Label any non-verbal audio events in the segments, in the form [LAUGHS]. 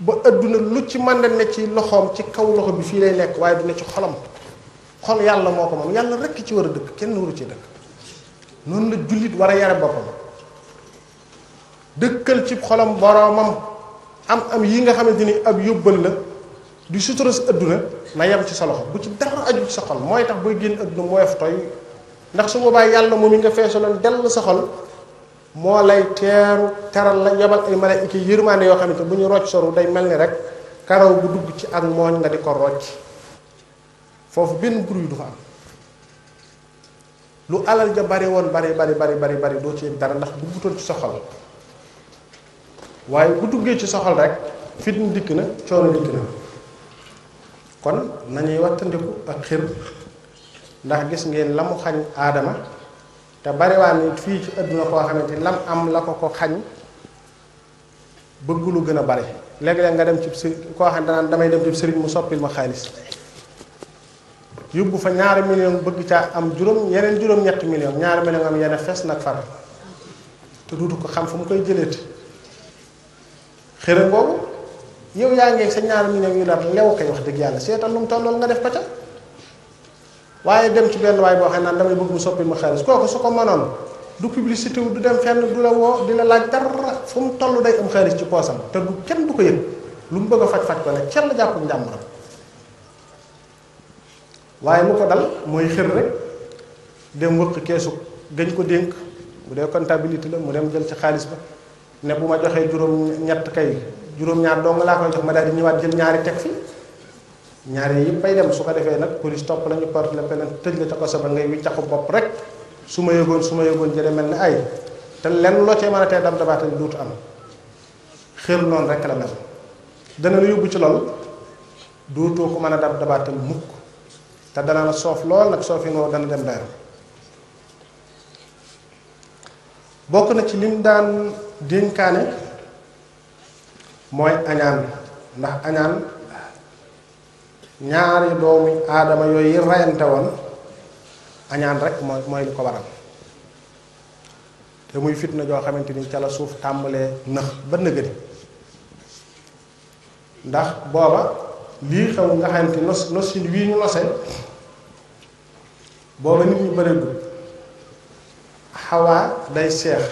ba adduna lu ci mën na ne ci loxoom ci kaw loxo bi fii lay nekk waaye du ne ci xolam xol yàlla moo ko moom yàlla rekk ci war a dëkk kenn waru ci dëkk noonu la jullit war a yare boppam dëkkal ci xolam boroomam am am yi nga xamante ni ab yóbbal la di sutura sa adduna na yem ci sa loxo bu ci dara aju ci sa xol mooy tax booy génn adduna mooy fa toy ndax su boobaa yàlla moom yi nga feesaloon dell sa xol moo lay teeru teral la yebal ay malaayika yërmaande yoo xamante bu ñu rocc soru day mel ni rek karaw bu dugg ci ak mooñ nga di ko rocc foofu benn bruit du fa am lu alal ja bari woon bari bari bari bari doo ci dara ndax bu duggutoon ci soxal waaye bu duggee ci soxal rek fitna dikk na coono dikk na kon nañuy wattandiku ak xir ndax gis ngeen la mu xañ aadama te bariwaan nit fii ci àdduna koo xamante ni lam am la ko ko xañ bëgg gën a bari léeg-léeg nga dem ci sëriñ koo xam ne damay dem ci sëriñ mu soppil ma xaalis yóbbu fa ñaari million bëgg caa am juróom yeneen juróom-ñetti million ñaari million am yeneen fes nag far te duutu ko xam fu mu koy jëleeti xëram boobu yow yaa ngi sa ñaari million yu la lew koy wax dëgg yàlla seetal lu mu tollool nga def ko ca waaye dem ci benn waay boo xam naan damay bëgg mu soppi ma xaalis kooku su ko mënoon du publicité wu du dem fenn du la woo di la laaj dara fu mu toll day am xaalis ci poosam te du kenn du ko yëg lu mu bëgg a faj faj ko ne kenn la jàpp njàmbaram waaye mu ko dal mooy xër rek dem wëkk keesu gañ ko dénk bu dee comptabilité la mu dem jël ci xaalis ba ne bu ma joxee juróom ñett kay juróom ñaar dong laa koy jox ma daal di ñëwaat jël ñaari teg fi ñaare yëpp ay dem su ko defee nag police topp lañu porte la plainte tëj la te ko sabal ngay wiccaxu bopp rek su ma yëgoon su ma yëgoon jële mel ni ay te lenn loo cee mën a tee dab dabaate duut am xel noonu rek la mel dana la yóbbu ci lool duutoo ko mën a dab dabaatal mukk te dana la soof lool nag soof yi noo dana dem dayam bokk na ci lim daan dénkaane mooy añaan ndax añaan ñaari doomi aadama yooyu yi reyante woon añaan rek mooy mooy li ko waral te muy fitna joo xamante ni ca la suuf tàmbalee nëx ba nëgëri ndax booba lii xew nga xamante nos nosin wii ñu nose booba nit ñu bëreegul xawaa day seex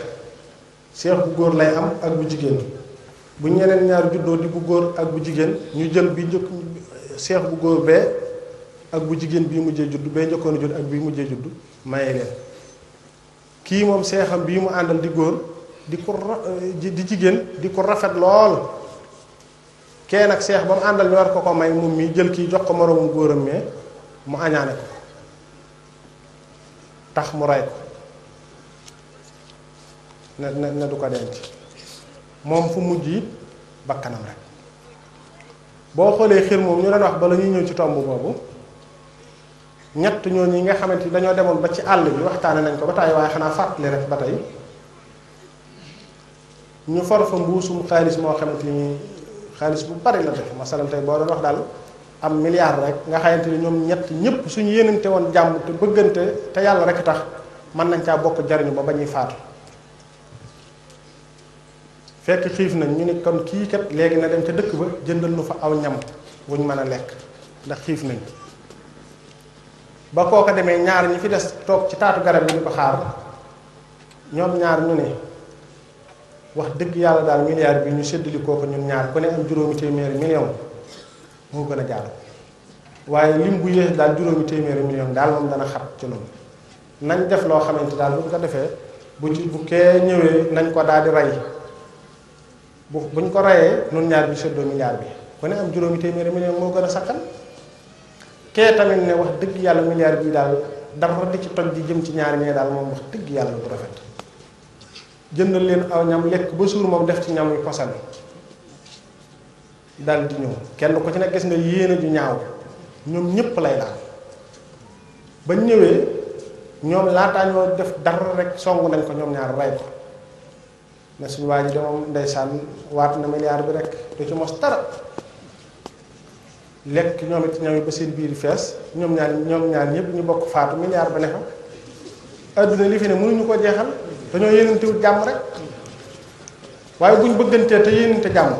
seex bu góor lay am ak bu jigéen bu ñeneen ñaar juddoo di bu góor ak bu jigéen ñu jël bi njëkk seex bu góor bee ak bu jigéen bii mujjee juddu bee njëkkoon a ak bii mujjee judd maye leen kii moom seexam bii mu àndal di góor di ko di jigéen di ko rafet lool kenn ak seex ba mu àndal ñu war ko ko may moom mii jël kii jox ko moroomum góoram mee mu añaane ko tax mu rey ko ne ne du ko denc moom fu mujj it bakkanam rek bo xolé xir mom ñu la wax ba lañuy ñew ci tomb boobu ñett ñi nga xamanteni ni dañoo demoon ba ci all bi waxtaan nañ ko ba way xana fat fàttali rek ba tay ñu far fa mbusum xaalis mo xamanteni ni bu bari la def masalan tay bo do wax dal am milliard rek nga xamanteni ñom ñoom ñett ñëpp suñu yeenante won jamm te bëggante te yalla rek tax man nañ ca bokk jariñu ba bañuy faatu fekk xiif nañ ñu ne kon kii kat léegi na dem ca dëkk ba jëndal lu fa aw ñam wuñ mën a lekk ndax xiif nañ ba koo ko demee ñaar ñi fi des toog ci taatu garab yi ñu ko xaar ñoom ñaar ñu ne wax dëgg yàlla daal milliard bi ñu séddali kooku ñun ñaar ku ne am juróomi téeméeri million moo gën a jàll waaye lim bu yées daal juróomi téeméeri million daal moom dana xat ci loolu nañ def loo xamante daal bu ñu ko defee bu ci bu kee ñëwee nañ ko daal di rey bu buñ ko rayee nun ñaar bi seddoo milliard bi ku ne am juróomi téeméeri million moo gën a sakkan kee tamit ne wax dëgg yàlla milliard bi daal dara di ci toj di jëm ci ñaari ñee daal moom wax dëgg yàlla bu rafet jëndal leen aw ñam lekk ba suur moom def ci ñam yu posan daal di ñëw kenn ko ci ne gis nga yéene ju ñaaw ñoom ñëpp lay daal ba ñëwee ñoom laataa ñoo def dara rek songu nañ ko ñoom ñaari rey ko na suñu waa ji de moom ndeysaan waat na milliard bi rekk du ci mos dara lekk ñoom it ñoom ba seen biir fees ñoom ñaar ñoom ñaan ñëpp ñu bokk faatu milliard ba ne fa adduna li fi ne mënuñu ko jeexal dañoo yéenantewul jàmm rek waaye buñ bëggantee te yéenante jàmm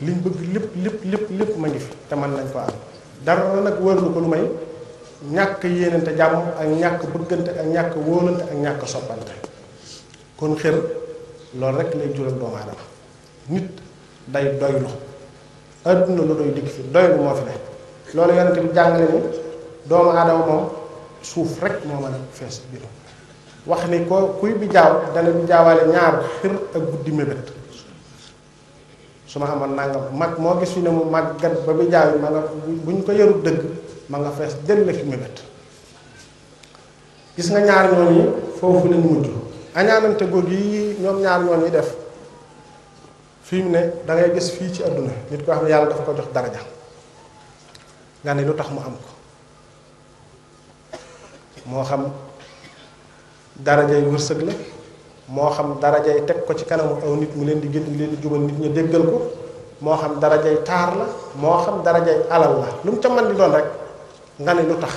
liñ bëgg lépp lépp lépp lépp ma ngi fi te mën nañ ko am dara nag wërlu ko lu may ñàkk yéenante jàmm ak ñàkk bëggante ak ñàkk wóolante ak ñàkk soppante kon xër loolu rek lay jural doomu aadama nit day doylu adduna lu doy dikk fi doylu moo fi ne loolu yonente bi jàngale ni doomu aadama moom suuf rek moo mën a fees biir wax ni ko kuy bi jaaw dana bi jaawaale ñaar xir ak guddi mébét su ma amoon nangam mag moo gis fi ne mu màggat ba bi jaaw yi ma bu ñu ko yarut dëgg ma nga fees dëll ki mébét gis nga ñaar ñooñu foofu lañ mujj añaanante góor yi ñoom ñaar ñoo ñuy def fii mu ne da ngay gis fii ci àdduna nit koo xam ne yàlla dafa ko jox daraja nga ne lu tax mu am ko moo xam darajay wërsëg la moo xam darajay teg ko ci kanamu aw nit mu leen di gën leen di jubal nit ñi déggal ko moo xam darajay taar la moo xam darajay alal la lu mu ca man di doon rek nga ne lu tax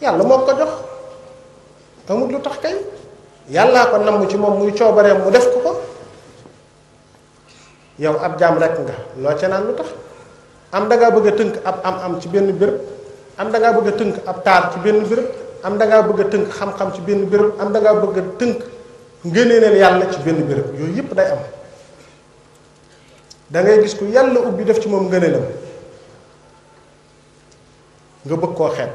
yàlla moo ko jox amul lu tax kay yàllaa ko namm ci moom muy coobareem mu def ko ko yow ab jaam rekk nga loo ce naan lu tax am da bëgg a tënk ab am am ci benn béréb am danga bëgg a tënk ab taar ci benn béréb am da bëgg a tënk xam-xam ci benn béréb am da bëgg a tënk ngëneel yàlla ci benn béréb yooyu yëpp day am dangay gis ku yàlla ubbi def ci moom ngëneelam nga bëgg koo xeet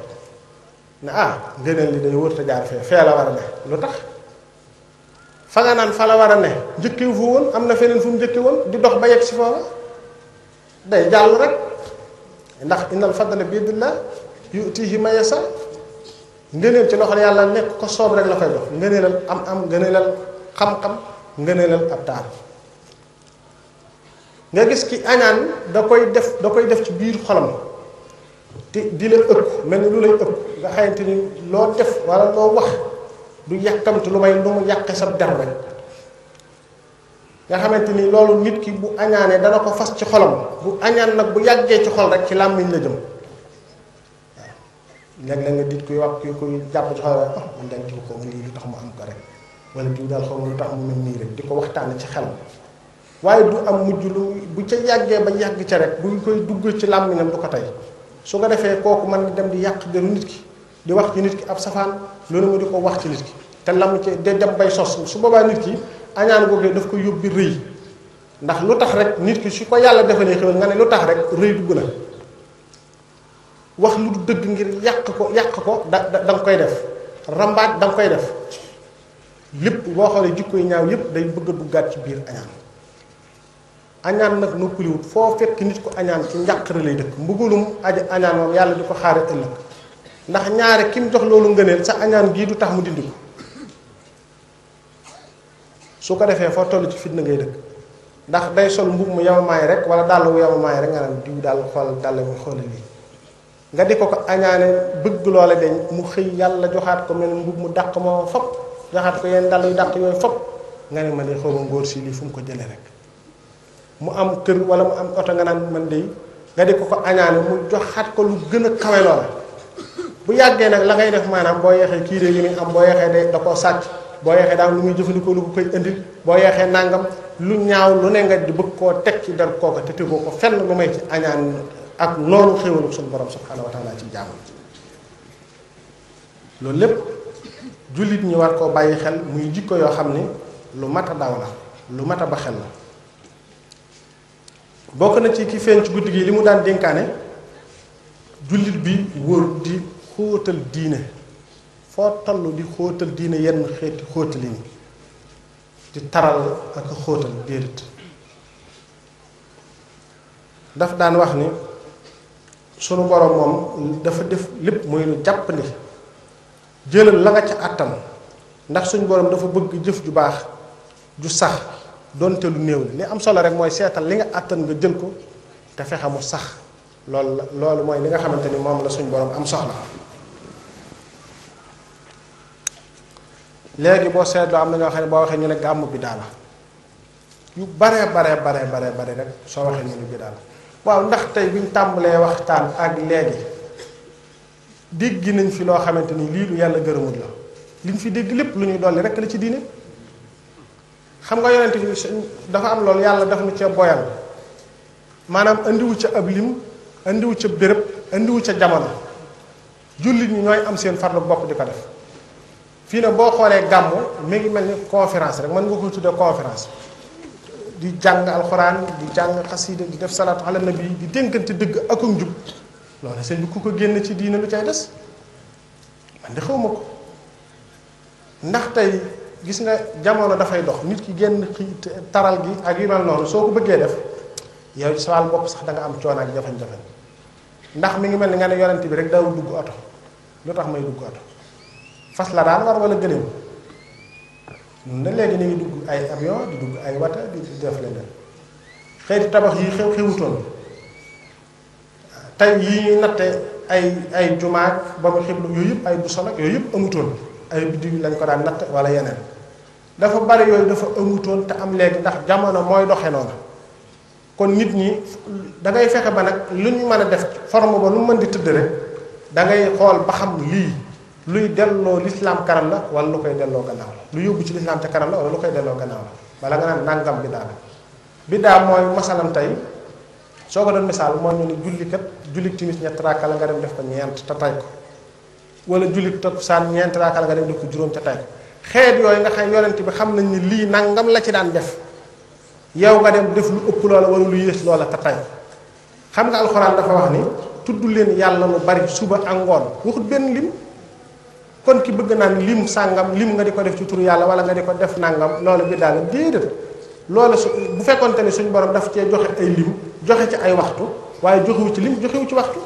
ne ah ngëneel li day wër te jaar fee fee la war a de lu tax fa nga naan fa la war a ne njëkkiwu fa woon am na feneen fu mu njëkki woon di dox ba yegg si foofa day jàll rek ndax innal fadla bi yadillah yu'tihi man yasha ngëneel ci loxol yàlla nekk ko soob rek la koy jox ngëneelal am am ngëneelal xam-xam ngëneelal ab taar nga gis ki añaan da koy def da koy def ci biir xolam te di la ëpp mel ni lu lay ëpp nga xayante ni loo def wala loo wax du yakamtu lu may lu mu yàqe sa der rek nga xamanteni ni nit ki bu añaanee dana ko fas ci xolam bu añan nak bu yagge ci xol rek ci làmmiñ la jëm nek la nga dit kuy wax kuy kuy japp ci xol rek ah man dañ ci ko lii lu tax mu am ko rek wala diw dal xol lu tax mu mel ni rek di waxtaan ci xel waye du am mujju lu bu ci yagge ba yagge ci rek bu koy dugg ci làmmiñam du ko tay su nga defé koku man dem di yak de nit ki di wax ci nit ki ab safaan loolu mu di ko wax ci nit ki te lam ci de dem bay sos su boobaa nit ki añaan googee daf ko yóbbi rëy ndax lu tax rek nit ki su ko yàlla defalee xewal nga ne lu tax rek rëy dugg na wax lu du dëgg ngir yàq ko yàq ko da da nga koy def rambaat da nga koy def lépp boo xoolee jikko yi ñaaw yépp day bëgg a duggaat ci biir añaan añaan nag noppaliwut foo fekk nit ko añaan ci njàqare lay dëkk mbugulum aji añaan moom yàlla di ko xaare ëllëg ndax ñaare ki mu jox loolu ngëneel sa añaan gii du tax mu dindi ko su ko defee foo toll ci fitna ngay dëkk ndax day sol mbub mu yamamaay rek wala dàll wu yamamaay rek nga naan diw daal xool dàll mu xoole nga di ko ko añaane bëgg loola deñ mu xëy yàlla joxaat ko mel mbub mu dàq moo fop joxaat ko yenn dàll yu dàq yooyu fop nga ne man de xaw ma si lii fu mu ko jëlee mu am kër wala mu am oto nga naan man de nga di ko ko añaane mu joxaat ko lu gën a kawe loola bu yàggee nag la ngay def maanaam boo yeexee kii de li am boo yeexee day da koo sàcc boo yeexee daa lu muy jëfandikoo lu ko koy indi boo yeexee nangam lu ñaaw lu ne nga di bëgg koo teg ci der kooka te tegoo ko fenn lu may ci añaan ak noonu xéwalu suñu borom subhanahu wa taala ci jaamam loolu lépp jullit ñi war koo bàyyi xel muy jikko yoo xam lu mat a daw la lu mat a ba xel la bokk na ci ki fenc guddi gi li mu daan dénkaane jullit bi wóor di xóotal diine foo toll di xóotal diine yenn xeeti xóotali ni di taral ak xóotal déedéet daf daan wax ni sunu boroom moom dafa def lépp muy lu jàpp ni jëlal la nga ca àttan ndax suñu borom dafa bëgg jëf ju baax ju sax donte lu néew li am solo rek mooy seetal li nga àttan nga jël ko te fexe mu sax loolu la loolu mooy li nga xamante ni moom la suñu borom am soxla léegi boo seetloo am nga ñoo bo ne ñu ne gàmm bi daala yu bare bare bare bare bare rek so waxee ñu bi daala waaw ndax tay biñ tambalé waxtaan ak léegi diggi nañ fi lo xamanteni li lu yalla gërëmul la liñ fi dégg lépp lu ñuy dolli rek la ci diine xam nga yonente bi dafa am lool yalla daf nu ci boyal maanaam andiwu ca ab lim ci bërepp andi wu ci jamono jullit ñi ñoy am seen farlu bokk di ko def fii nag boo xoolee gàmmu mi ngi mel ni conférence rek mën nga koy tuddee conférence di jàng alxuraan di jàng xasida di def salaat salaatu na bii di dénkante dëgg ak njub loolu sëñ bi ku ko génn ci diina lu ca des man de xaw ma ko ndax tey gis nga jamono dafay dox nit ki génn taral gi ak yu mel noonu soo ko bëggee def yow ci sa bopp sax da am coono ak jafe-jafe ndax mi ngi mel ni nga ne bi rek daawul dugg oto lu tax may dugg oto. fas la daan war wala gëléem ne léegi ñu ngi dugg ay avion di dugg ay wata di def leneen xëyti tabax yi xew xewutoon tey yi ñuy natte ay ay jumaak ba mu xiblu yooyu yëpp ay bu sol ak yooyu yëpp amutoon ay biddiw lañ ko daan natt wala yeneen dafa bari yooyu dafa amutoon te am léegi ndax jamono mooy doxe noonu kon nit ñi da ngay fexe ba nag lu ñu mën a def forme ba lu mën di tëdd rek da ngay xool ba xam lii luy delloo l'islam karam la wala lu koy delloo gannaaw la lu yóbbu ci l'islam ca karam la wala lu koy delloo gannaaw la bala nga naan nangam bi daal bi daa mooy masalam tey soo ko doon misaal ñu ni julli kat julli timis ñett raaka la nga dem def ko ñeent ta tay ko wala julli takusaan ñeent raaka la nga dem def ko juróom ta tay ko xeet yooyu nga xam yonent bi xam nañ ni lii nangam la ci daan def yow nga dem def lu ëpp loola wala lu yees loola ta tay xam nga alxuraan dafa wax ni tudd leen yàlla lu bari suba ak waxut lim kon ki bëgg naan lim sangam lim nga di ko def ci turu yàlla wala nga di ko def nangam loolu bi daal déedéet loolu su bu fekkonte ne suñu borom daf cee joxe ay lim joxe ci ay waxtu waaye joxewu ci lim joxewu ci waxtu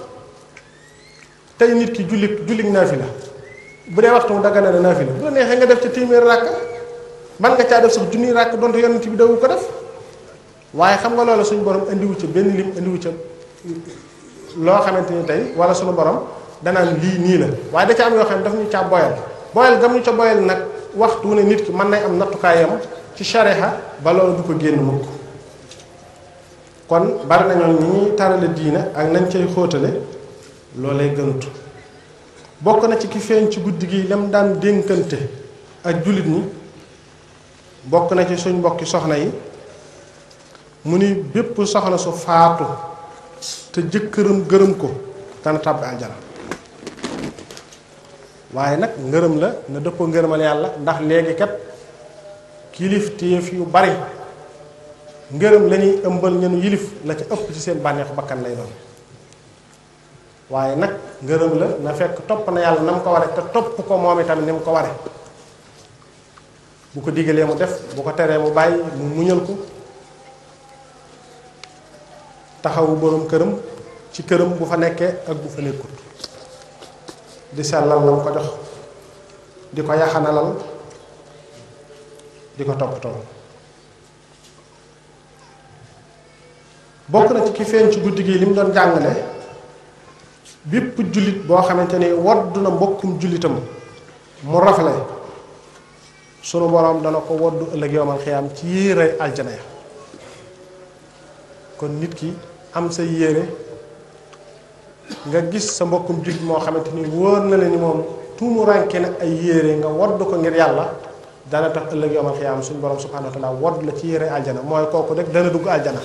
tey nit ki julli julli naafila bu dee waxtu daga na naafila bu la neexee nga def ci téeméer ràkk man nga caa def sax junniy ràkk donte yonent bi dawu ko def waaye xam nga loolu suñu borom indiwu ci benn lim indiwu ca loo xamante ni tey wala suñu borom danaan lii nii la waaye da ca am yoo xam ne daf ñu caa boyal boyal gam ñu ca boyal nag waxtu ne nit ki mën nay am nattukaayam ci sharia ba loolu du ko génn mukk kon bari nañoo ni ñuy tarale diine ak nañ cay xóotale loolay gënut bokk na ci ki feeñ ci guddi gi lam daan dénkante ak jullit ñi bokk na ci suñ mbokki soxna yi mu ni bépp soxna su faatu te jëkkëram gërëm ko dana tàbbi waaye nag ngërëm la na dëppoo ngërëmal yàlla ndax léegi kat kilifteef yu bari ngërëm lañuy ñuy ëmbal ñenu yilif la ca ëpp ci seen bànneexu bakkan lay doon waaye nag ngërëm la na fekk topp na yàlla na mu ko ware te topp ko moom itam ni mu ko ware bu ko digalee mu def bu ko teree mu bàyyi mu muñal ko taxawu boroom këram ci këram bu fa nekkee ak bu fa nekkut di sellal la ko jox di ko yaxanalal di ko toppatoo bokk na ci ki feeñ ci guddi gi li mu doon jàngale bépp jullit boo xamante ni woddu na mbokkum jullitam mu rafle sunu boroom dana ko woddu ëllëg yowmal xiyaam ci yéere aljana ya kon nit ki am sa yéere nga gis sa mbokkum jullit moo xamante ni wóor na la ni moom tuumuranke na ay yére nga wadd ko ngir yàlla dana tax ëllëg yowmal am suñu borom subhaanahu wa taala wadd la ci yére aljana mooy kooku rek dana dugg aljana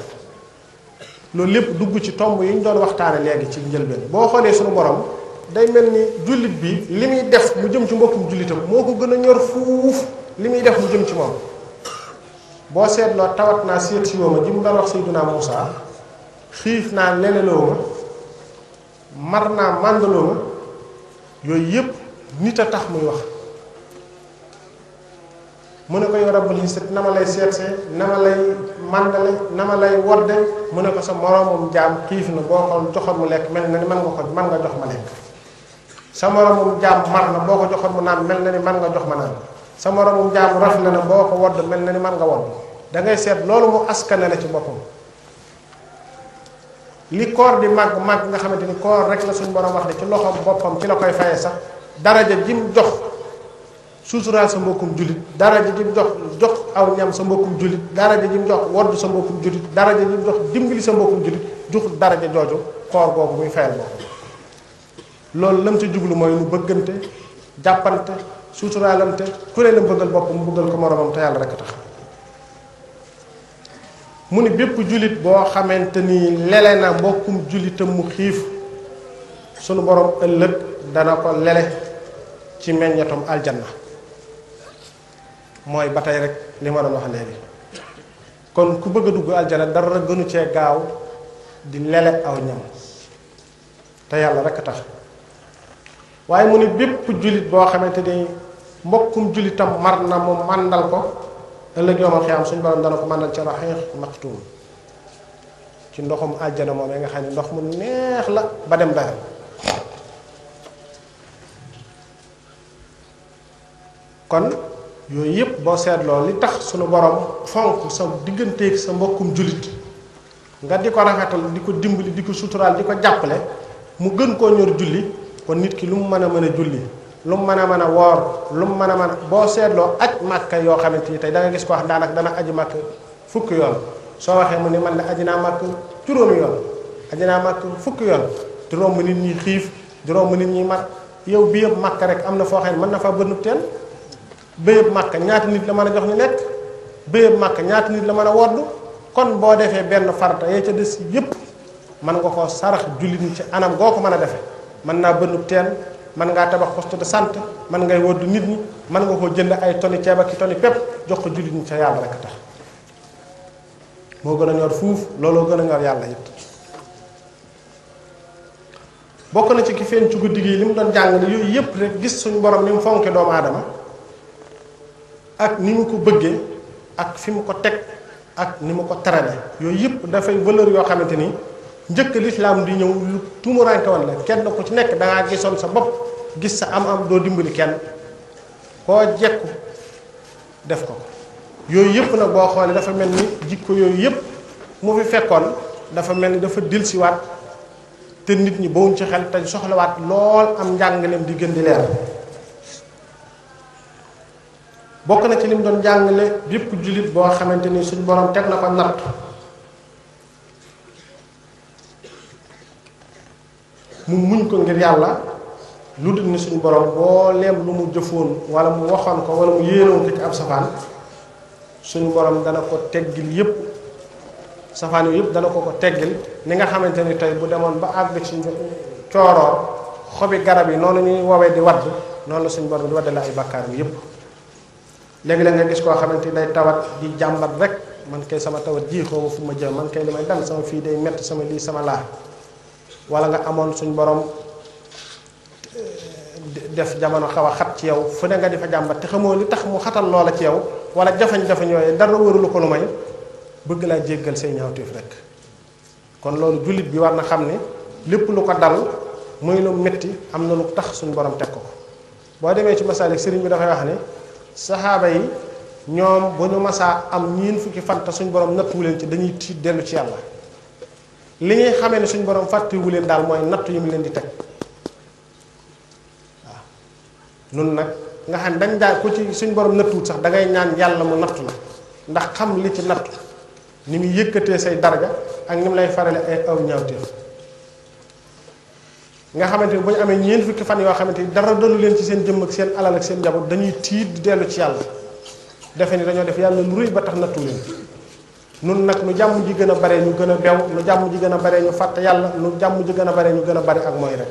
loolu lépp dugg ci tomb yi ñu doon waxtaane léegi ci njëlbeen boo xoolee suñu borom day mel ni jullit bi li muy def mu jëm ci mbokkum jullitam moo ko gën a ñor fuuf li muy def lu jëm ci moom boo seetloo tawat naa seet si wooma ji mu doon wax Sayyiduna Muusa naa leleloo ma mar naa màndaloo ma yooyu yépp nit a tax muy wax mu ne ko yow rabbul hisat na ma lay seetsee na ma lay màndale na ma lay wodde mu ne ko sa moroomum jaam xiif na boo ko joxoon mu lekk mel na ni man nga ko jox ma lekk sa moroomum jaam mar na boo ko joxoon mu naan mel na ni man nga jox ma naan sa moroomum jaam raf na na boo ko wodd mel na ni man nga wodd da seet loolu mu askane la ci boppam li koor di màgg màgg nga xamante ni koor rek la suñ suñu a wax ne ci loxoom boppam ci la koy fayee sax daraja jim jox suuturaal sa mbokkum jullit daraja jim jox jox aw ñam sa mbokkum jullit daraja jim jox wodd sa mbokkum jullit daraja jim jox dimbali sa mbokkum jullit jox daraja jooju koor boobu muy fayal boppam loolu lam ci jublu mooy nu bëggante jàppante suuturaalante ku ne la bëggal boppam bëggal ko moromam te yàlla rek a tax mu ni bépp julit boo xamante ni lele na mbokkum julitam mu xiif sunu borom ëllëg dana ko lele ci meññatum aljanna mooy ba tey rek li ma doon wax léegi kon ku bëgg a dugg aljana dara gënu cee gaaw di lele aw ñam te yàlla rek tax waaye mu ni julit boo xamante ni mbokkum julitam mar na mu ko ëllëg yoomal xiyam suñ borom dana ko màndal ci rahiq maqtum ci ndoxum aljana moom nga xam ne ndox mu neex la ba dem dara kon yooyu yépp boo seetloo li tax sunu borom fonk sa digganteeg sa mbokkum julit nga di ko rafetal di ko dimbali di ko suturaal di ko jàppale mu gën koo ñor julli kon nit ki lu mu mën a mën Lum mana mana wor lum mana mana bo setlo mën a yo seetloo aj màkka yoo xamante ni da nga gis ko wax daanak dana aji makka fuk yoon so waxe mu ni man la aji naa màkk yoon aji naa màkk yoon turum nit ñi xif turum nit ñi mat yow bi yeb makka rek amna fo foo man na fa bënnu tel be yeb makka ñaat nit la mëna jox ñu nek be yeb makka ñaat nit la mëna wordu kon bo defé benn farta ye ci dess yeb man nga ko sarax ci anam goko mëna defé man defe mana tel man nga tabax poste de sante man ngay woddu nit ñi man nga ko jënd ay toni ceeb ak toni pep jox ko julit ñi ca yalla rek tax mo gëna ñor fuuf lolo gëna a ñor yàlla bokk na ci ki feen ci guddigi lim doon jàng ni yooyu yépp rek gis suñu borom ni mu fonke doomu aadama ak ni mu ko bëggee ak fi mu ko teg ak ni mu ko tarale yooyu yépp dafay valeur yoo xamante njëkk lislaam di ñëw lu tumuranke la kenn ku ci nekk da ngaa sa bopp gis sa am-am doo dimbali kenn koo jekku def ko yooyu yëpp nag boo xoolee dafa mel ni jikko yooyu yëpp mu fi fekkoon dafa mel ni dafa dilsiwaat te nit ñi bawuñ ci xel te soxlawaat lool am njàngaleem di gën di leer bokk na ci lim doon jàngale bépp jullit boo xamante ni suñ borom teg na ko natt mu muñ ko ngir yàlla lu dul ni suñu borom booleem lu mu jëfoon wala mu waxoon ko wala mu yéenoon ko ci ab safaan suñu borom dana ko teggil yépp safaan yooyu yépp dana ko ko teggil ni nga xamante ni tey bu demoon ba àgg ci cooroor xobi garab yi noonu ñuy woowee di wadd noonu la suñu borom di waddale ay bakkaar yépp léegi la nga gis koo xamante day tawat di jàmbat rek man kay sama tawat jiixoo fu ma jëm man kay li may dal sama fii day mett sama lii sama laa wala nga amon suñ borom eh, def jamono xawa xat ci yow fu ne nga difa fa te xamoo li tax mu xatal loola ci yow wala jafañ-jafañ yooyu dara wërulu ko lu may bëgg laa jéggal say ñaawteef rek kon loolu julit bi war na xam ne lépp lu ko dal muy lu metti am lu tax suñ borom teg ko boo ci masaalik sëriñ bi dafay wax ne yi ñoom bu ñu masaa am ñiin fukki fanta suñ borom nattu leen ci dañuy tiit dellu ci yàlla li ngay xamee ne suñu borom fàttewu leen daal mooy natt yi mu leen di teg waaw nun nag nga xam dañ daal ko ci suñu borom nattuwut sax da ngay ñaan yàlla mu nattu la ndax xam li ci nattu ni muy yëkkatee say darga ak ni mu lay farale ay aw ñaawteef nga xamante ni bu ñu amee ñeent fukki fan yoo xamante ni dara dalu leen ci seen jëmm ak seen alal ak seen njaboot dañuy tiit di dellu ci yàlla defe ni dañoo def yàlla lu rëy ba tax nattu leen. nun nag nu jàmm ji gën a bare ñu gën a bew nu jàmm ji gën a bare ñu fàtte yàlla nu jàmm ji gën a bare ñu gën a bare ak mooy rek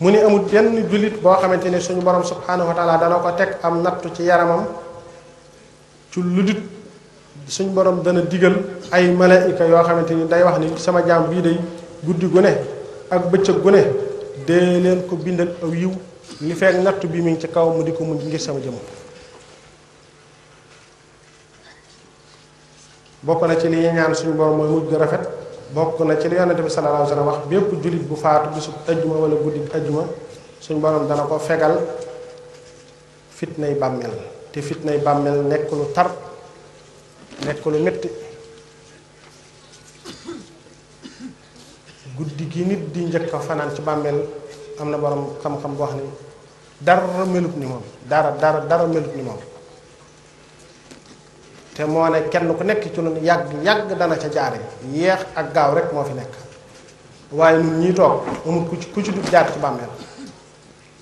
mu ni amul benn jullit boo xamante ni suñu borom subhanahu wa taala dana ko teg am nattu ci yaramam ci lu dut suñu borom dana digal ay malaayika yoo xamante ni day wax ni sama jaam bii day guddi gu ne ak bëccëg gu ne dee leen ko bindal aw yiw li fekk nattu bi mi ngi ci kaw mu di ko muñ ngi sama jëmm bokk na ci li ñaan suñu borom moy mujj gu rafet bokk na ci li yonente bi sallallahu alayhi wasallam wax bepp julit bu faatu bisu aljuma wala guddi aljuma suñu borom dana ko fegal fitnay bammel te fitnay bammel nekk lu tar nekk lu metti guddi gi nit di njëkk a fanaan ci bammel amna borom xam-xam bo xani dara melut ni mom dara dara dara melut ni mom te moo ne kenn ku nekk ci ñun yàgg yàgg dana ca jaare yéex ak gaaw rek moo fi nekk waaye ñun ñii toog amul ku ci ku ci jaar ci bàmmeel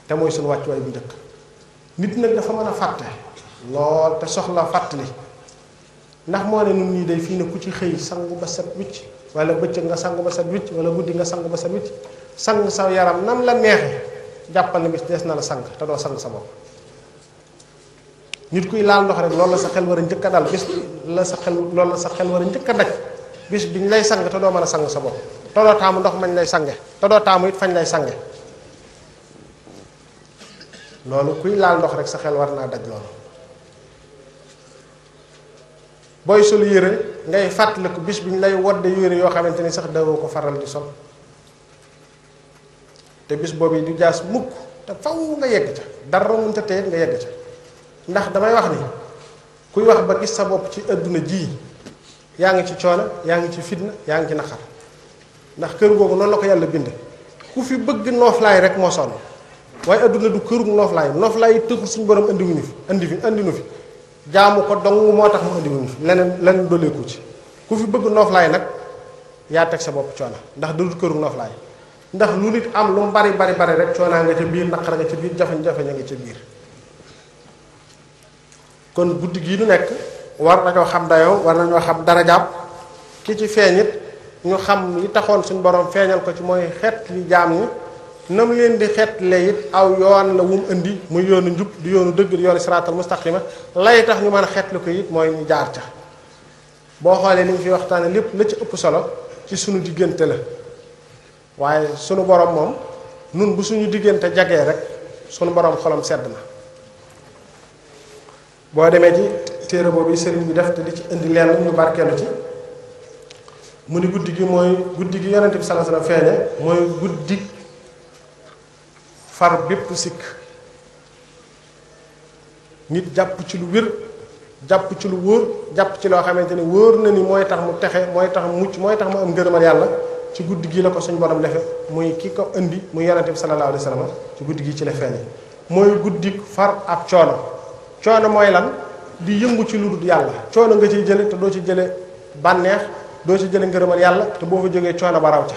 te mooy suñu wàccuwaay bu njëkk nit nag dafa man a fàtte lool te soxla fàttali ndax moo ne ñun ñii dey fii ne ku ci xëy sangu ba set wicc wala bëccëg nga sangu ba set wicc wala guddi nga sangu ba set wicc sang sa yaram nam la neexe jàppal ne bis des na la sang te doo sang sa bopp nit kuy laal ndox rek loolu la sa xel war a njëkk a dal bis la sa xel loolu la sa xel war a njëkk a daj bis biñ lay sang te doo mën a sang sa bopp te doo taamu ndox mañ lay sange te doo taamu it fañ lay sange loolu kuy laal ndox rek sa xel war naa daj loolu boy sul yére ngay ko bis biñ lay wodde yére yoo xamante ni sax dawoo ko faral di sol te bis boobu du jaas mukk te faw nga yegg ca dara munta teet nga yegg ca ndax damay wax ni kuy wax ba gis sa bopp ci ëdduna ji yaa ngi ci coono yaa ngi ci fitna yaa ngi ci naqar ndax kër googu noonu la ko yàlla bind ku fi bëgg nooflaay rek moo sonn waaye adduna du kërug nooflaay nooflaay yi tëxul suñu borom andiwuñu fi fi andinu fi jaamu ko dong moo tax mu andiwuñu fi leneen leneen dooleeku ci ku fi bëgg nooflaay nag yaa teg sa bopp coono ndax du kërug nooflaay ndax lu nit am lu mu bari bari bari rek coonaa nga ca biir naqar nga ca biir jafe-jafe nga ca biir kon guddi gii nu nekk war nañoo xam dayoo war nañoo xam dara jàpp ki ci feeñ it ñu xam li taxoon suñu borom feeñal ko ci mooy xeet li jaam ñi na mu leen di xeetle it aw yoon la wu indi muy yoonu njub di yoonu dëgg di yoonu siraatal mustaqima lay tax ñu mën a xeetle ko it mooy ñu jaar ca boo xoolee li ñu fi waxtaane lépp la ci ëpp solo ci suñu diggante la waaye sunu borom moom nun bu suñu diggante jagee rek sunu borom xolom sedd na boo demee ci téere boobu sëriñ bi def te di ci indi lenn ñu barkeelu ci mu ni guddi gi mooy guddi gi yonente bi sallallahu alayhi wasallam feeñe mooy guddi far bépp sikk nit jàpp ci lu wér jàpp ci lu wóor jàpp ci loo xamante ni wóor na ni mooy tax mu texe mooy tax mu mucc mooy tax mu am ngërëmal yàlla ci guddi gi la ko suñ borom defe muy ki ko indi muy yonente bi sallallahu alayhi wasallam ci guddi gi ci la feeñe mooy guddi far ab coono coono mooy lan di yëngu ci lu dul yàlla coono nga ciy jële te doo ci jële bànneex doo ci jële ngërëmal yàlla te boo fa jógee coono ba raw ca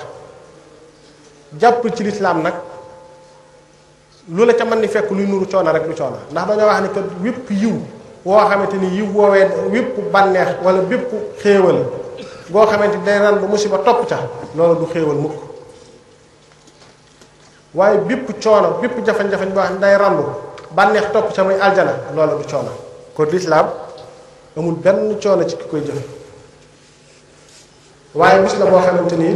jàpp ci lislaam nag lu la ca man ni fekk luy nuru coono rek lu coono ndax dañoo wax ni kat wépp yiw woo xamante ni yiw woowee wépp bànneex wala bépp xéewal goo xamante day ran bu musiba topp ca loolu du xéewal mukk waaye bépp coono bépp jafañ-jafañ boo xam day randu bànneex topp ca muy aljana loola du coono kon lislaam amul benn coono ci ki koy jëf waaye bis la boo xamante ni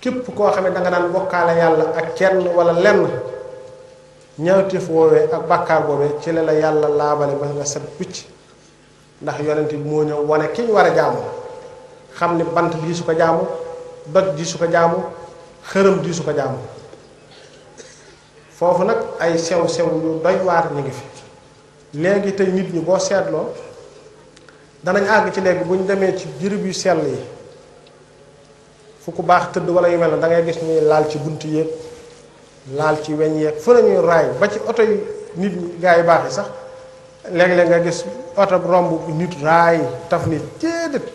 képp koo xam ne danga daan bokkaale yàlla ak kenn wala lenn ñaawteef woowee ak bàkkaar boobee ci la la yàlla laabale ba nga set picc ndax yonent bi moo ñëw wane ki war a jaamu xam ni bant bii su ko jaamu doj ji ko jaamu xërëm ji ko jaamu foofu nag ay sew-sew yu doy waar ñu ngi fi léegi te nit ñi boo seetloo danañ àgg ci léegi bu ñu demee ci jirib yu sell yi fu ku baax tëdd wala yu mel ne da ngay gis ñuy laal ci bunt yéeg laal ci weñ yeeg fa la ba ci oto yi nit ñi gaa yi baax yi sax léeg-léeg nga gis oto romb nit raay taf nit déedéet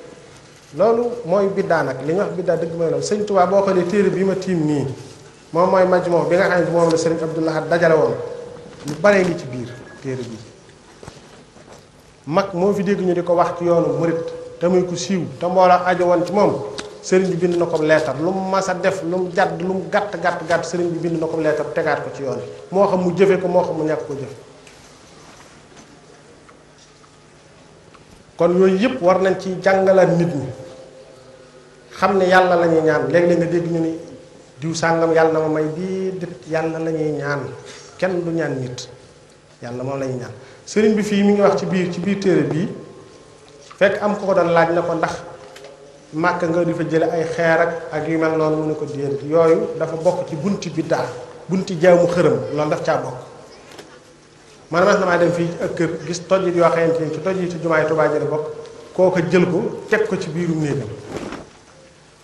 loolu mooy biddaa nag li ñu wax biddaa dëgg mooy loolu sëñ Tuubaa boo xoolee téere bi ma tiim nii moom mooy majmo bi nga xam ne moom la sëriñ abdullah dajale woon lu bare ngi ci biir téere bi mag moo fi dégg ñu di ko wax ci yoonu murit te muy ku siiw te mbooloo aji woon ci moom sëriñ bi bind na ko leetar lu mu mas def lu mu lu mu gàtt gàtt gàtt sëriñ bi bind na ko leetar tegaat ko ci yoon moo xam mu jëfe ko moo xam mu ñàkk ko jëf kon yooyu yëpp war nañ ci jàngalaat nit ñi xam ne yàlla ñaan léeg-léeg nga dégg ñu ni diw sangam yalla na ma may bi dit yalla la ñuy ñaan kenn du ñaan nit yalla mo lay ñaan serigne bi fi mi ngi wax ci biir ci biir téré bi fekk am ko ko doon laaj na ko ndax makka nga difa jël ay xéer ak ak yu mel non mu ne ko diir yoyu dafa bok ci bunti biddaa bunti jaamu xërëm lool daf ca bok man mas namaa dem fii ak kër gis toj yi xamante ni ci yi ci jumaa yi tuba jël bok koko jël ko tek ko ci biiru néegam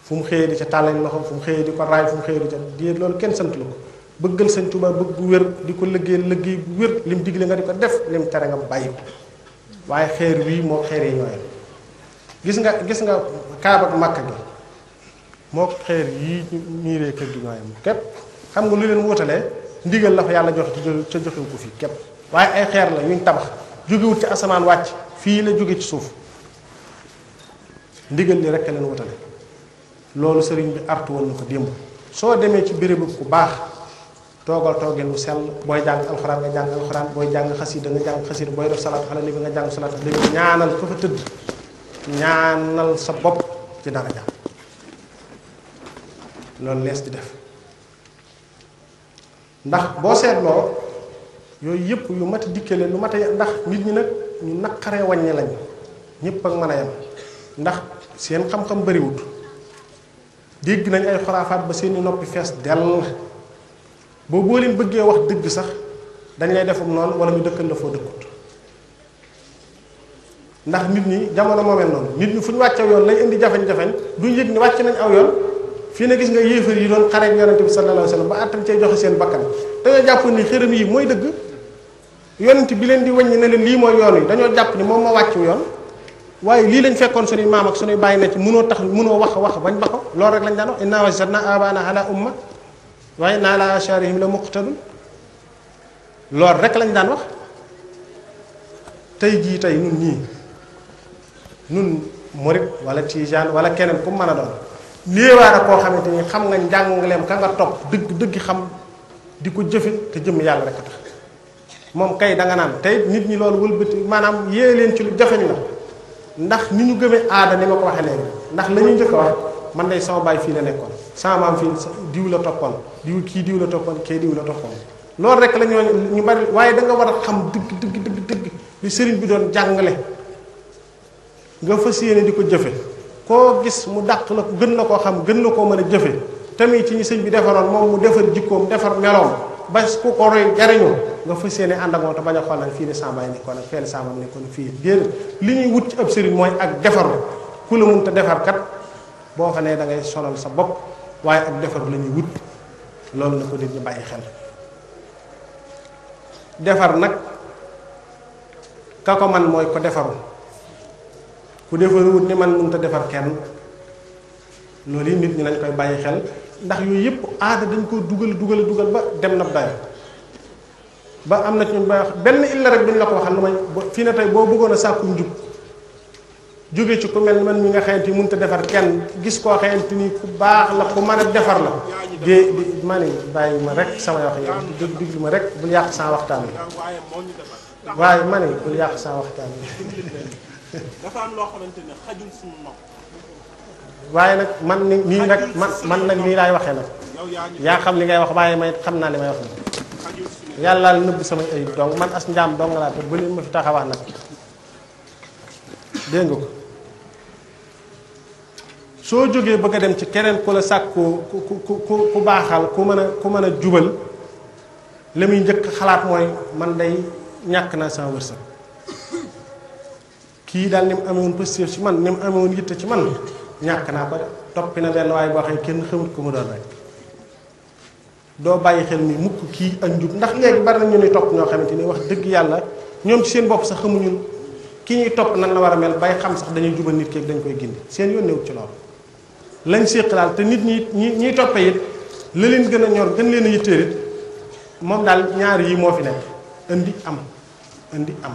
fu mu xëyee di ca tàllañ loxo fu mu xëyee di ko raay fu mu xëyee di ca di loolu kenn sant la ko bëggal sëñ Tuubaa bëgg bu wér di ko liggéey liggéey bu wér lim digle nga di ko def lim tere nga bàyyi ko waaye xeer wii moo xeer yi ñooyal gis nga gis nga kaaba ak màkk gi moo xeer yii miiree kër gi ñooyam képp xam nga lu leen wutalee ndigal la fa yàlla joxe ca joxewu ko fii képp waaye ay xeer la yuñ tabax jógewut ci asamaan wàcc fii la jóge ci suuf ndigal li rekk leen wutale lolu serigne bi artu won nako dem so demé ci ci bu ku baax togal toogeen bu sel boy jang alcorane nga jang alcorane boy jang khassida nga jang khassida boy def salat ala nabi nga jang salat ala nabi ñaanal ko fa tudd ñaanal sa bop ci dara jang lolu les di def ndax boo seetloo yoy yëpp yu mata a lu mata ya, ndax nit ñi nak ñu naqaree wàññi lañ ñëpp ak mën yam ndax seen xam-xam bariwut dégg nañ ay xuraafaat ba seeni noppi fees dell boo boo leen bëggee wax dëgg sax dañ lay defum noonu wala ñu dëkkal la foo dëkkut ndax nit ñi jamono moo mel noonu nit ñi fu ñu wàcc aw yoon lay indi jafeñ-jafeñ duñ yëg ni wàcc nañ aw yoon fii ne gis nga yéefar yi doon xare yonente bi sallallahu alayhi wasallam ba àttan cee joxe seen bakkan dañoo jàpp ni xërëm yi mooy dëgg yonent bi leen di wàññi ne leen lii mooy yoon yi dañoo jàpp ni moom ma wàccu yoon waaye lii lañ fekkoon suñuy maam ak suñuy bàyyi na ci mënoo tax mënoo wax wax bañ ba ko loolu rek lañ daan wax inna wajadna abana ala umma waaye naa la asharihim la muqtadun loolu rek lañ daan wax tey jii tey nun ñii nun murit wala tijaan wala keneen ku mën a doon léewaara koo xamante ni xam nga njàngaleem ka nga topp dëgg dëgg xam di ko jëfe te jëm yàlla rek a tax moom kay da naan tey nit ñi lool wëlbati maanaam yée leen ci lu jafeñ ndax ni ñu gëmee aada ni ma ko waxee léegi ndax la ñuy wax man day sama baay fii la nekkoon sama maam fii diw la toppoon diw kii diw la toppoon kii diw la toppoon loolu rek lañu ñu bari waaye da nga war a xam dëgg dëgg dëgg dëgg li sëriñ bi doon jàngale nga fas yéene di ko jëfe koo gis mu dàq la gën na koo xam gën na koo mën a jëfe tamit ci ñi sëñ bi defaroon moom mu defar jikkoom defar meloom ba ku ko roy jariñoo nga fas yéene ànd ta baña xol nak fi ni sa bay ni nak nekkoon sa fenn ni ko fi déedéet li ñuy wut ci ab sëriñ moy ak defaru ku la munta defar kat bo fa nee da ngay solal sa bopp waye ak defaru la ñuy wut loolu na ko nit ñu bayyi xel defar nak ka ko man moy ko defaru ku wut ni man munta defar kenn loolu nit ñi lañ koy bayyi xel ndax yoy yep aada dañ ko dugal dugal dugal ba dem na dayo ba am na ci ñun baax benn illa rek duñ la ko waxal lu may fii ne tey boo bëggoon a sàkkum jub ci ku mel man mi nga xayante ni mënut a defar kenn gis koo xayante ni ku baax la ku mën a defar la di di ma ne bàyyi ma rek sama wax yow di diglu ma rek bul yàq saa waxtaan bi waaye ma ne bul yàq saa waxtaan bi loo xamante ne xajul waaye nag man ni nii nag man man nag nii laay waxee nag yaa xam li ngay wax waaye may xam naa li may wax nag yàlla la nëbb samay ayib dong man as njaam dong laa te bu leen ma fi taxawaan nag dégg nga ko soo jógee bëgg a dem ci keneen ku la sàkkoo ku ku ku ku baaxal ku mën a ku mën a jubal li muy njëkk xalaat mooy man day ñàkk naa sama wërsëg kii daal ni mu amewoon positif ci man ni mu amewoon yitte ci man ñàkk naa ko de toppi na benn waaye boo xam ne kenn xamut ko mu doon rek Do baye xel ni mukk ki ak ndax legi bar na ñu ni top ñoo xamanteni ni wax deug yalla ñom ci seen bop sax xamuñu ki ñi top nan la wara mel bay xam sax dañuy jubal nit ki dañ koy gindi seen yoon newut ci lool lañ séq xalaal te nit ñi ñi topé yit la leen gëna ñor gën leen a yitteel mom dal ñaar yi mo fi nek indi am indi am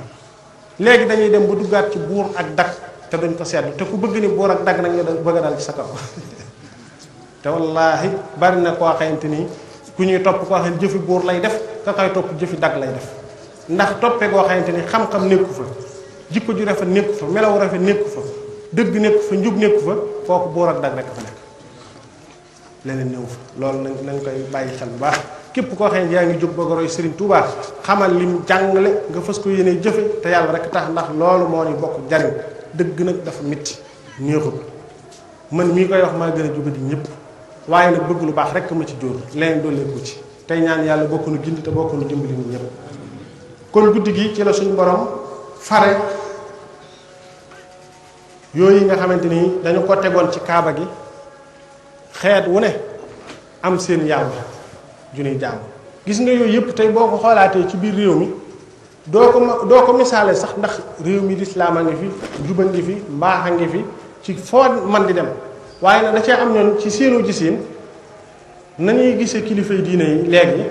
legi dañuy dem bu duggaat ci buur ak dag te dañ ko seetlu te ku bëgg ni buur ak dag nak nga bëgg dal ci sa kaw [LAUGHS] te wallahi bar na ko xamanteni ku ñuy topp koo xam ne jëfi buur lay def ka koy topp jëfi dag lay def ndax toppe goo xamante ni xam-xam nekku fa jikko ju rafet nekku fa melawu rafet nekku fa dëgg nekku fa njub nekku fa kooku buur ak dag rek fa nekk leneen néew fa loolu nañ nañ koy bàyyi xel bu baax képp koo xam ne yaa ngi jóg bëgg a roy Serigne Touba xamal lim jàngale nga fas ko yenee jëfe te yàlla rek tax ndax loolu moo ñu bokk jariñ dëgg nag dafa metti néexut man mii koy wax maa gën a ñëpp waaye nag bëgg lu baax rek ma ci jóor leneen dooleeku ci tey ñaan yàlla bokk nu gindi te bokk nu dimbali ñun ñëpp kon guddi gi ci la suñu borom fare yooyu nga xamante ni dañu ko tegoon ci kaaba gi xeet wu ne am seen yàlla junuy jàmm gis nga yooyu yëpp tey boo ko xoolaatee ci biir réew mi doo ko doo ko misaale sax ndax réew mi lislaam a ngi fi juba ngi fi mbaax a ngi fi ci foo man di dem waaye nag da cee am ñoon ci seenu gisiin nañuy gisee kilifa yi diine yi léegi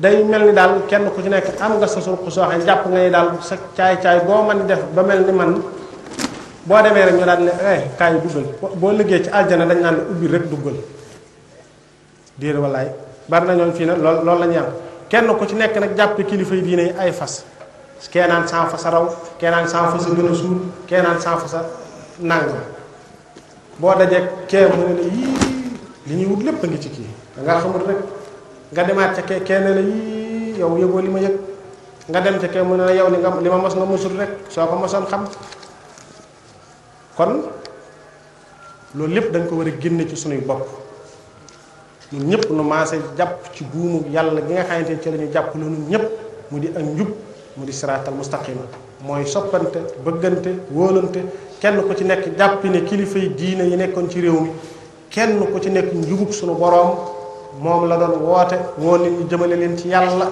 day mel ni daal kenn ku ci nekk am nga sa surq soo xam jàpp nga ni daal sa caay-caay boo man def ba mel ni man boo demee rek ñu daal ne eh kaay duggal boo liggéey ci aljana dañ naan ubbi rek duggal déer walaay bari na ñoom fii nag lool loolu la ñu am kenn ku ci nekk nag jàppe kilifa yi diine yi ay fas keenaan san fasa raw keenaan san fasa gën a suur keenaan san fasa boo dajee kee mu ne la yii li ñuy wut lépp a ngi ci kii da ngaa xamul rek nga demaat ca kee kee ne la yii yow yëgoo li ma yëg nga dem ca kee mu ne la yow li nga li ma mos nga musul rek soo ko mosoon xam kon loolu lépp dañ ko war a génne ci sunuy bopp ñun ñëpp nu maase jàpp ci buumu yàlla gi nga xamante ci la ñu jàpp loolu ñëpp mu di ak njub mu di siraatal mustaqima mooy soppante bëggante wóolante kenn ku ci nekk jàppi ne kilifa yi diine yi nekkoon ci réew mi kenn ku ci nekk njubug sunu boroom moom la doon woote woo nit ñi jëmale leen ci yàlla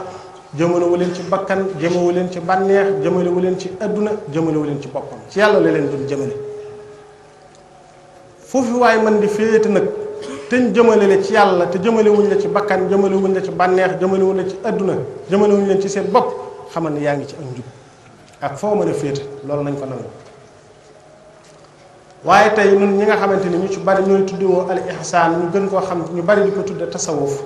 jëmalewu leen ci bakkan jëmalewu leen ci banneex jëmalewu leen ci adduna jëmalewu leen ci boppam ci yàlla leen doon jëmale foofu waaye man di féete nag teñ jëmale la ci yàlla te jëmale wuñ la ci bakkan jëmale wuñ ci bànneex jëmale wuñ la ci adduna jëmale wuñ leen ci seen bopp xamal ne yaa ngi ci ak njub ak foo mën a féete loolu nañ ko nangu waaye tey ñun ñi nga xamante ni ñu ci bari ñooy tuddewoo al ihsaan ñu gën koo xam ñu bari di ko tudde tasawuf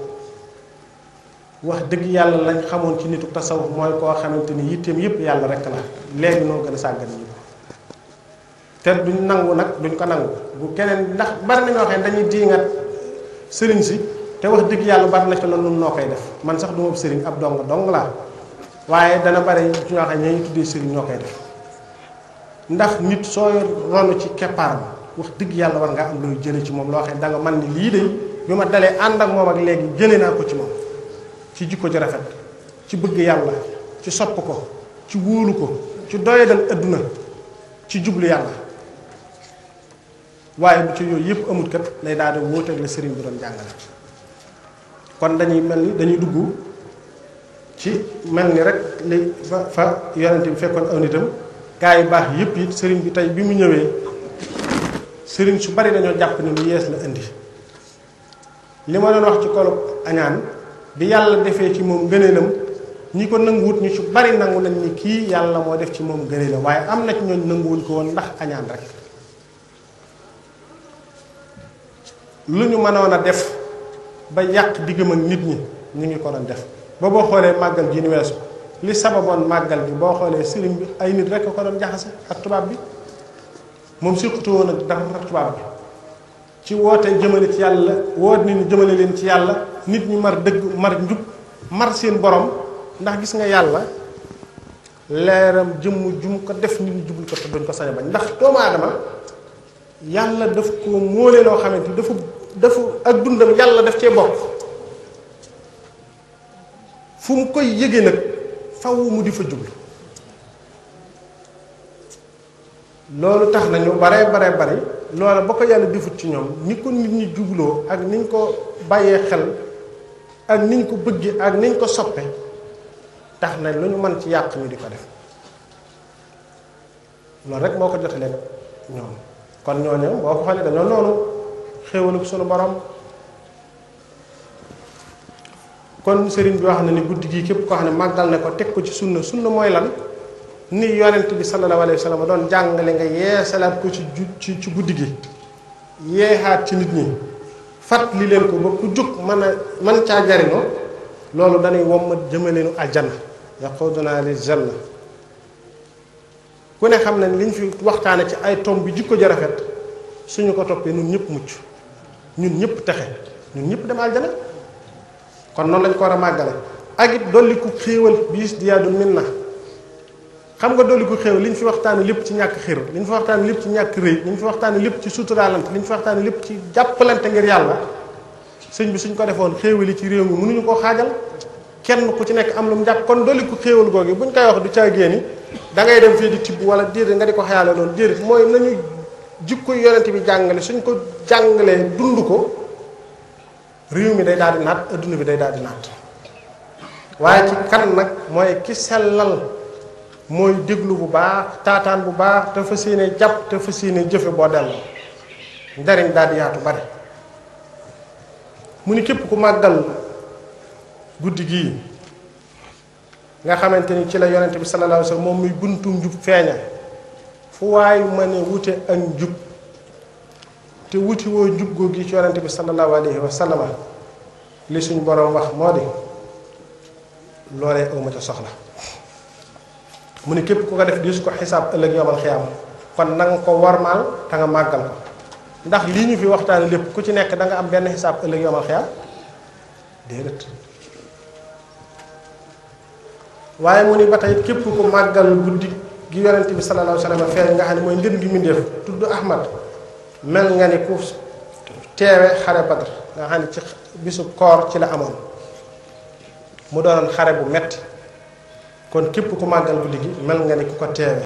wax dëgg yàlla lañ xamoon ci nitu tasawuf mooy koo xamante ni yitteem yépp yàlla rek la léegi noo gën a sàggan yi te duñ nangu nag duñ ko nangu bu keneen ndax bari na ñoo xam dañuy diingat sëriñ si te wax dëgg yàlla bari na ci loolu noo koy def man sax duma sëriñ ab dong dong laa waye dana bari ci nga ne ñi tuddé sëriñ ñokay def ndax nit sooy ronu ci keppaaram wax dëgg yalla war nga am looy jële ci mom lo xam da nga man ni li dé bi ma dalé and ak mom ak légui jëlé na ko ci mom ci jikko ci rafet ci bëgg yalla ci sopp ko ci wolu ko ci dal aduna ci jublu yalla waye bu ci yoy yépp amut kat lay daal di ak la sëriñ bu doon jangal kon dañuy melni dañuy dugg ci mel ni rek li fa fa yonent bi fekkoon aw nitam gaa yu baax yëpp it sëriñ bi tey bi mu ñëwee sëriñ su bari dañoo jàpp ni lu yees la indi li ma doon wax ci kolub añaan bi yàlla defee ci moom ngëneelam ñi ko nanguwut ñu ci bari nangu nañ ni kii yàlla moo def ci moom ngënee waaye am na ci ñooñ nanguwuñ ko woon ndax añaan rek lu ñu mënoon a def ba yàq diggam ak nit ñi ñu ngi ko def bobo boo magal màggal ji ni weesu li sababoon màggal gi boo xoolee sëriñ bi ay nit rek ko doon jaxase ak tubaab bi moom surtout woon ak dara ak bi ci woote jëmale ci yàlla woote ni jëmale leen ci yàlla nit ñi mar dëgg mar njub mar seen borom ndax gis nga yàlla leeram jëmm jum ko def nit ñi jubul ko te duñ ko sañ bañ ndax doomu aadama yàlla daf ko móole loo xamante dafa dafa ak dundam yàlla daf cee bokk fu mu koy yëgee nag faw mu di fa jublu loolu tax nañu bare bare bari loola ba ko yàlla defut ci ñoom ni ko nit ñi jubloo ak niñ ko bàyyee xel ak niñ ko bëggee ak niñ ko soppee tax na lu ñu mën ci yàq ñu di ko def loolu rek moo ko jotaleeg ñoom kon ñooñu boo ko xoolee dañoo noonu xéewalug sunu borom kon sëriñ bi wax na ni guddi gii képp koo xam ne màggal na ko teg ko ci sunna sunna mooy lan ni yonent bi sallallahu alayhi wa sallam doon jàngale nga yeesalaat ko ci ci ci guddi gi yeexaat ci nit ñi fat li leen ko ba ku jóg mën a mën caa jariñoo loolu danay wommat jëmaleenu aljanna yaquduna lil janna ku ne xam ne liñ fi waxtaane ci ay tomb bi jikko ja rafet suñu ko toppee ñun ñëpp mucc ñun ñëpp texe ñun ñëpp dem aljanna kon non lañ ko wara magalé ak it dolliku xewal biis diyaadul min na xam nga dolliku xew liñ fi waxtane lepp ci ñak xir liñ fi waxtane lepp ci ñak rëy liñ fi waxtane lepp ci suturalant liñ fi waxtane lepp ci jappalante ngir yalla señ bi suñ ko defoon xewali ci réew mi ñu ko xajal kenn ku ci nek am lu mu kon doli ku xewal gogi buñ koy wax du ca geeni da ngay dem fi di tibb wala nga di ko xayaale noonu déedéet moy nañu jikko yoonte bi jangale suñ ko jangale dundu ko réew mi day daal di naat adduna bi day daldi di naat waaye ci kan nag mooy ki sellal mooy déglu bu baax taataan bu baax te fas yéene jàpp te fas yéene jëfe boo delloo njariñ daal yaatu bari mu ni képp ku màggal guddi gii nga xamante ni ci la yonente bi sallallahu alayhi wasallam moom muy buntu njub feeña fu waay ma ne wute ak njub te wuti woo njub goo gi ci yonente bi salallahu alayhi wa sallama li suñ borom wax moo di loolee ma ca soxla mu ne képp ku ko def dis ko xisaab ëllëg yomal xiyaam kon na nga ko warmaal te nga màggal ko ndax lii ñu fi waxtaane lépp ku ci nekk da nga am benn xisaab ëllëg yomal xiyaam déedéet waaye mu ni ba tey képp ku màggal guddi gi yonente bi salallahu alayhi wa sallam feeñ nga xam ne mooy ndën gi mindeef tudd ahmad mel nga ni ku teewe xare badr nga xam ne ci bisu koor ci la amoon mu doonoon xare bu metti kon képp ku màggal guddi gi mel nga ni ku ko teewe